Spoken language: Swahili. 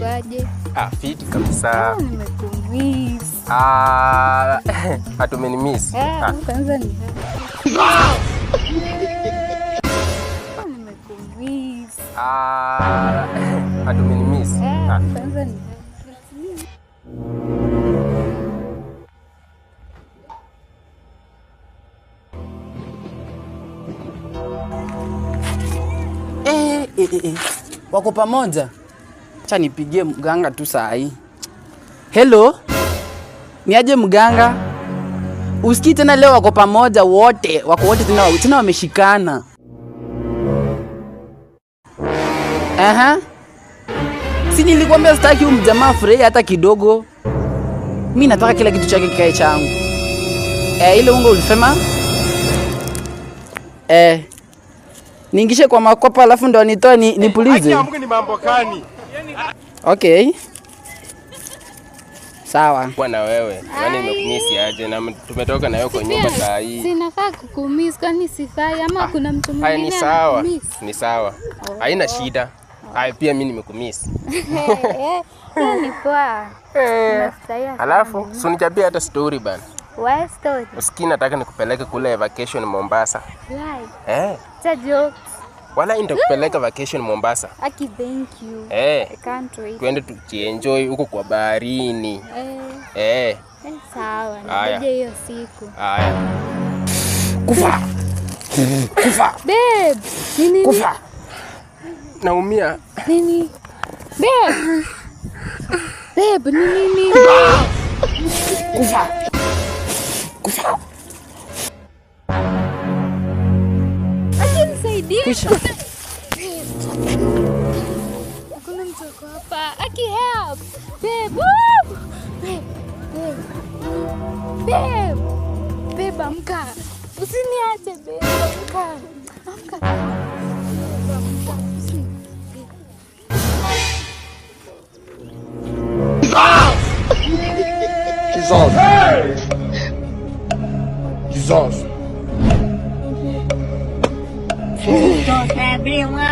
Ah, kabisa. Ah, nimekumiss. Ah, eh, ah. kwanza ni ah, Nimekumiss. Ah, eh, kwanza ni eh, eh, eh, eh. Wako pamoja? Acha nipigie mganga tu saa hii. Hello, niaje mganga? Usikii tena leo, wako pamoja wote, wako wote tena, tena wameshikana. Aha, si nilikwambia sitaki huyu mjamaa furahi hata kidogo. Mi nataka kila kitu chake kikae changu. Eh, ile unga ulisema eh, niingishe kwa makopa alafu ndo nitoe ni, ni pulize. Ni mambo gani? Okay. Sawa. Kwa na wewe. Yaani nimekumisi aje na tumetoka na wewe kwa nyumba saa hii. Sinafaa kukumisi kwani sifai ama ah, kuna mtu mwingine. Ni sawa. Ni oh. sawa. Haina oh, shida. Hai, pia mimi nimekumisi. Ni poa. Eh. Alafu sunichapia hata story bana. Why story? Usikii nataka nikupeleke kule vacation Mombasa. Why? Eh. Chajo. Bwana nitakupeleka vacation Mombasa. Aki, thank you. Eh. I can't wait. Twende tujienjoy huko kwa baharini. Eh. Eh. eh sawa. Ngoja hiyo siku. Haya. Kufa. Kufa. Babe. Nini? Kufa. Naumia. Nini? Babe. Babe, nini Kufa. Kufa. Kufa. Puxa. Aqui, help! Babe! Uh! Babe! Babe! Babe, amka! Usiniache, babe! Amka! Amka! Jesus! Jesus! Jesus! Don't have